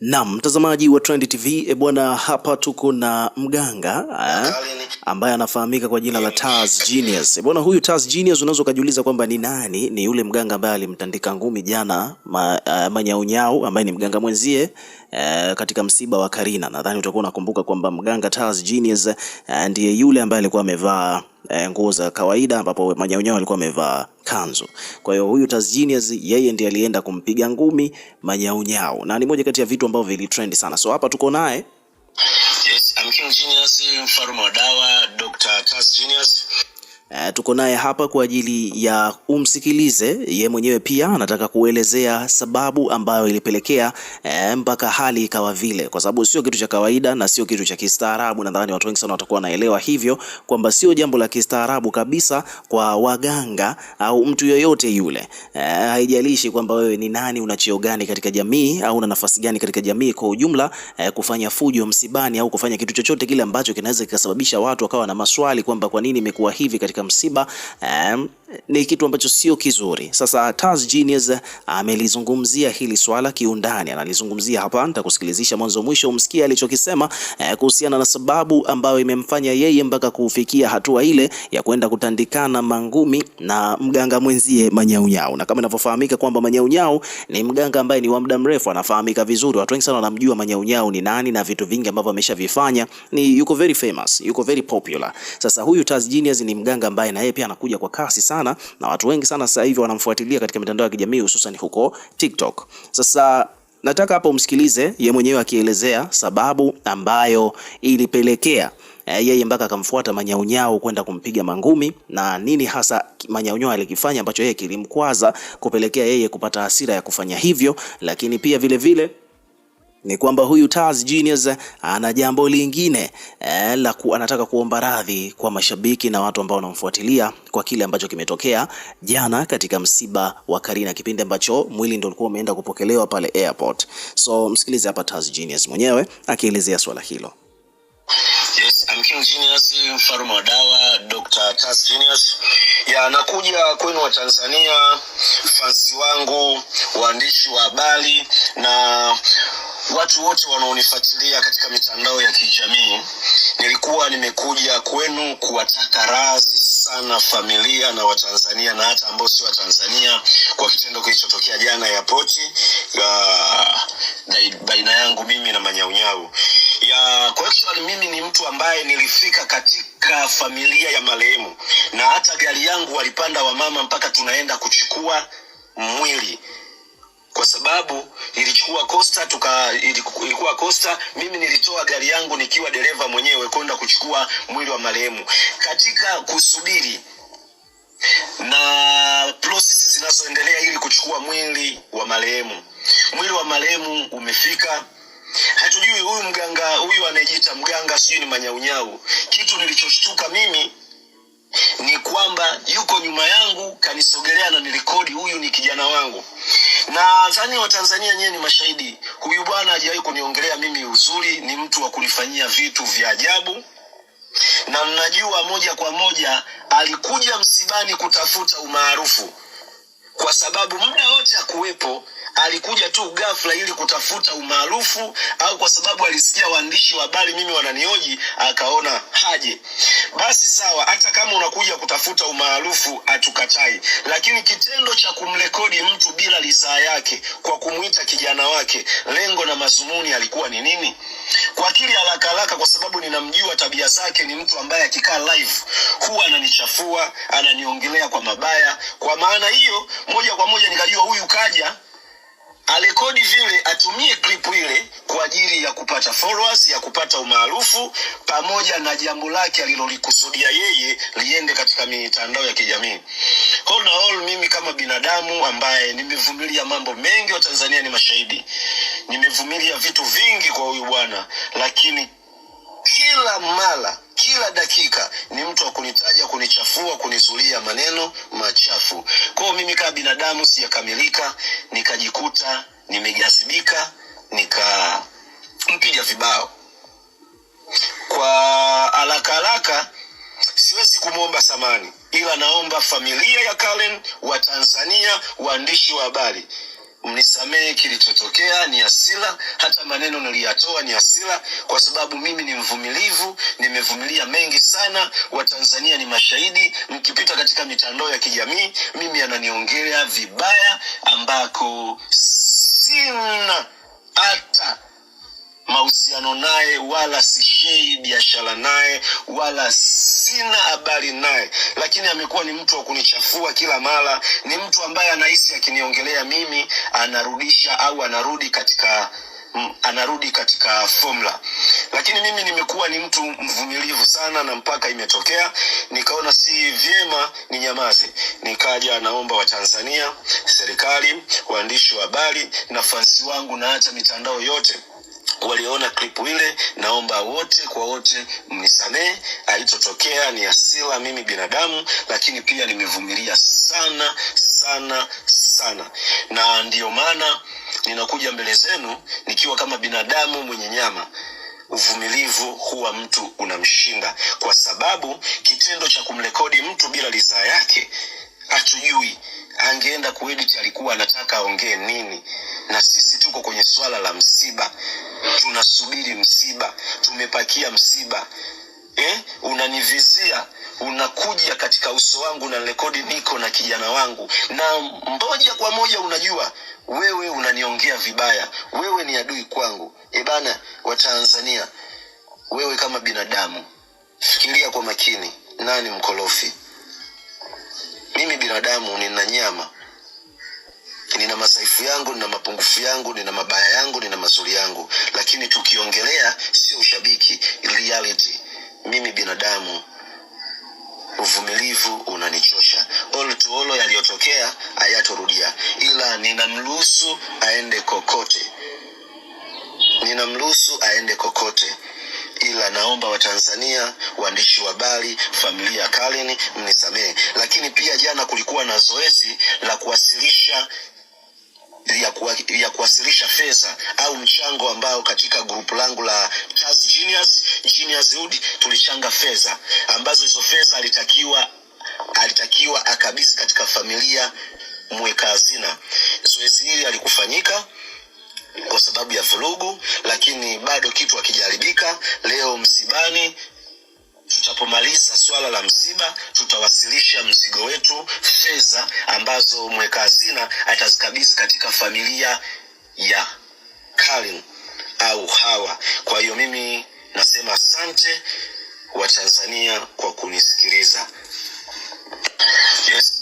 Naam, mtazamaji wa Trend TV, e bwana, hapa tuko na mganga eh, ambaye anafahamika kwa jina la Taz Genius. E bwana, huyu Taz Genius unaweza ukajiuliza kwamba ni nani? Ni yule mganga ambaye alimtandika ngumi jana ma, ah, Manyaunyau ambaye ni mganga mwenzie eh, katika msiba wa Karina. Nadhani utakuwa unakumbuka kwamba mganga Taz Genius eh, ndiye yule ambaye alikuwa amevaa eh, nguo za kawaida ambapo Manyanyaw alikuwa amevaa kanzu. Kwa hiyo huyu Taz Genius yeye ndiye alienda kumpiga ngumi Manyanyaw na ni moja kati ya vitu ambavyo vilitrend sana. So hapa tuko naye. Yes, I'm King Genius, mfalme wa dawa, Dr. Taz Genius. Uh, tuko naye hapa kwa ajili ya umsikilize ye mwenyewe, pia anataka kuelezea sababu ambayo ilipelekea uh, mpaka hali ikawa vile, kwa sababu sio kitu cha kawaida na sio kitu cha kistaarabu. Nadhani watu wengi sana watakuwa wanaelewa hivyo kwamba sio jambo la kistaarabu kabisa kwa waganga au mtu yoyote yule. Uh, haijalishi kwamba wewe ni nani, una cheo gani katika jamii au una nafasi gani katika jamii kwa ujumla, uh, kufanya fujo msibani au kufanya kitu chochote kile ambacho kinaweza kikasababisha watu wakawa na maswali kwamba kwa nini imekuwa hivi katika katika msiba um, ni kitu ambacho sio kizuri. Sasa Taz Genius amelizungumzia hili swala kiundani, analizungumzia hapa. Nitakusikilizisha mwanzo mwisho umsikie alichokisema eh, kuhusiana na sababu ambayo imemfanya yeye mpaka kufikia hatua ile ya kwenda kutandikana mangumi na mganga mwenzie Manyaunyau, na kama inavyofahamika kwamba Manyaunyau ni mganga ambaye ni wa muda mrefu, anafahamika vizuri, watu wengi sana wanamjua Manyaunyau ni nani na vitu vingi ambavyo ameshavifanya, ni yuko very famous, yuko very popular. Sasa huyu Taz Genius ni mganga ambaye na yeye pia anakuja kwa kasi sana sana na watu wengi sana sasa hivi wanamfuatilia katika mitandao ya kijamii hususan huko TikTok. Sasa nataka hapa umsikilize ye mwenyewe akielezea sababu ambayo ilipelekea eh, yeye mpaka akamfuata Manyaunyau kwenda kumpiga mangumi na nini hasa Manyaunyau alikifanya ambacho yeye kilimkwaza kupelekea yeye kupata hasira ya kufanya hivyo, lakini pia vilevile vile, ni kwamba huyu Taz Genius ana jambo lingine eh, la ku, anataka kuomba radhi kwa mashabiki na watu ambao wanamfuatilia kwa kile ambacho kimetokea jana katika msiba wa Karina, kipindi ambacho mwili ndio ulikuwa umeenda kupokelewa pale airport. So msikilize hapa Taz Genius mwenyewe akielezea swala hilo. Yes, I'm King Genius, mfalme wa dawa, Dr. Taz Genius. Ya nakuja kwenu wa Tanzania, fansi wangu, waandishi wa habari na watu wote wanaonifuatilia katika mitandao ya kijamii, nilikuwa nimekuja kwenu kuwataka razi sana familia na Watanzania na hata ambao si Watanzania kwa kitendo kilichotokea jana ya poti baina yangu mimi na Manyaunyau ya kwa mimi ni mtu ambaye nilifika katika familia ya marehemu na hata gari yangu walipanda wamama mpaka tunaenda kuchukua mwili kwa sababu ilichukua Costa tuka ilikuwa Costa, mimi nilitoa gari yangu nikiwa dereva mwenyewe kwenda kuchukua mwili wa marehemu. Katika kusubiri na process zinazoendelea ili kuchukua mwili wa marehemu, mwili wa marehemu umefika hatujui huyu mganga huyu anayejiita mganga sijui ni manyaunyau. Kitu nilichoshtuka mimi ni kwamba yuko nyuma yangu kanisogelea na nirekodi huyu ni kijana wangu na zani Watanzania nyewe ni mashahidi. Huyu bwana hajawahi kuniongelea mimi uzuri, ni mtu wa kunifanyia vitu vya ajabu, na mnajua moja kwa moja alikuja msibani kutafuta umaarufu, kwa sababu muda wote akuwepo alikuja tu ghafla ili kutafuta umaarufu au kwa sababu alisikia waandishi wa habari mimi wananioji, akaona haje. Basi sawa, hata kama unakuja kutafuta umaarufu atukatai lakini kitendo cha kumrekodi mtu bila lizaa yake kwa kumwita kijana wake, lengo na mazumuni alikuwa ni nini? Kwa akili haraka haraka, kwa sababu ninamjua tabia zake, ni mtu ambaye akikaa live huwa ananichafua, ananiongelea kwa mabaya. Kwa maana hiyo, moja kwa moja nikajua huyu kaja alikodi vile, atumie clip ile kwa ajili ya kupata followers, ya kupata umaarufu pamoja na jambo lake alilolikusudia yeye liende katika mitandao ya kijamii. All na all, mimi kama binadamu ambaye nimevumilia mambo mengi, wa Tanzania ni mashahidi, nimevumilia vitu vingi kwa huyu bwana, lakini kila mara kila dakika ni mtu wa kunitaja, kunichafua, kunizulia maneno machafu mimi kama binadamu sijakamilika, nikajikuta nimejasibika nikampiga vibao kwa haraka haraka. Siwezi kumwomba samani, ila naomba familia ya wa tanzania waandishi wa habari mnisamehe kilichotokea, ni asila hata maneno niliyatoa ni asila kwa sababu mimi ni mvumilivu, nimevumilia mengi sana. Watanzania ni mashahidi, mkipita katika mitandao ya kijamii, mimi ananiongelea vibaya ambako sina hata mahusiano naye, wala sishii biashara naye, wala si sina habari naye, lakini amekuwa ni mtu wa kunichafua kila mara. Ni mtu ambaye anahisi akiniongelea mimi anarudisha au anarudi katika mm, anarudi katika formula, lakini mimi nimekuwa ni mtu mvumilivu sana, na mpaka imetokea nikaona si vyema ni nyamazi Nikaja naomba Watanzania, serikali, waandishi wa habari, nafasi wangu na hata mitandao yote waliona klipu ile, naomba wote kwa wote mnisamee alichotokea ni asila, mimi binadamu, lakini pia nimevumilia sana sana sana, na ndiyo maana ninakuja mbele zenu nikiwa kama binadamu mwenye nyama uvumilivu huwa mtu unamshinda, kwa sababu kitendo cha kumrekodi mtu bila ridhaa yake hatujui angeenda kuedit alikuwa anataka aongee nini na sisi tuko kwenye swala la msiba tunasubiri msiba tumepakia msiba eh? unanivizia unakuja katika uso wangu na rekodi niko na kijana wangu na moja kwa moja unajua wewe unaniongea vibaya wewe ni adui kwangu ebana eh watanzania wewe kama binadamu fikiria kwa makini nani mkolofi mimi binadamu nina nyama nina masaifu yangu nina mapungufu yangu nina mabaya yangu nina mazuri yangu lakini tukiongelea sio ushabiki reality mimi binadamu uvumilivu unanichosha oltuolo yaliyotokea hayatorudia ila ninamruhusu aende kokote ninamruhusu aende kokote ila naomba Watanzania, waandishi wa habari, familia kalin mnisamee mnisamehe. Lakini pia jana kulikuwa na zoezi la kuwasilisha ya, kuwa, ya kuwasilisha fedha au mchango ambao katika grupu langu la Charles Genius, Genius Hood tulichanga fedha ambazo hizo fedha alitakiwa alitakiwa akabisi katika familia mweka hazina. Zoezi hili alikufanyika kwa sababu ya vurugu, lakini bado kitu akijaribika Leo msibani Tutapomaliza suala la msiba, tutawasilisha mzigo wetu, fedha ambazo mweka hazina atazikabidhi katika familia ya Karim au Hawa. Kwa hiyo mimi nasema asante Watanzania kwa kunisikiliza. Yes.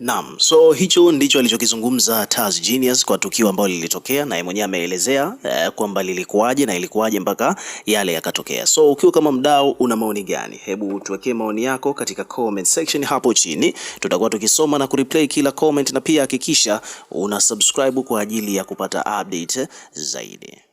Naam, so hicho ndicho alichokizungumza Taz Genius kwa tukio ambalo lilitokea, naye mwenyewe ameelezea eh, kwamba lilikuwaje na ilikuwaje mpaka yale yakatokea. So ukiwa kama mdau, una maoni gani? Hebu tuwekee maoni yako katika comment section hapo chini, tutakuwa tukisoma na kureplay kila comment, na pia hakikisha una subscribe kwa ajili ya kupata update zaidi.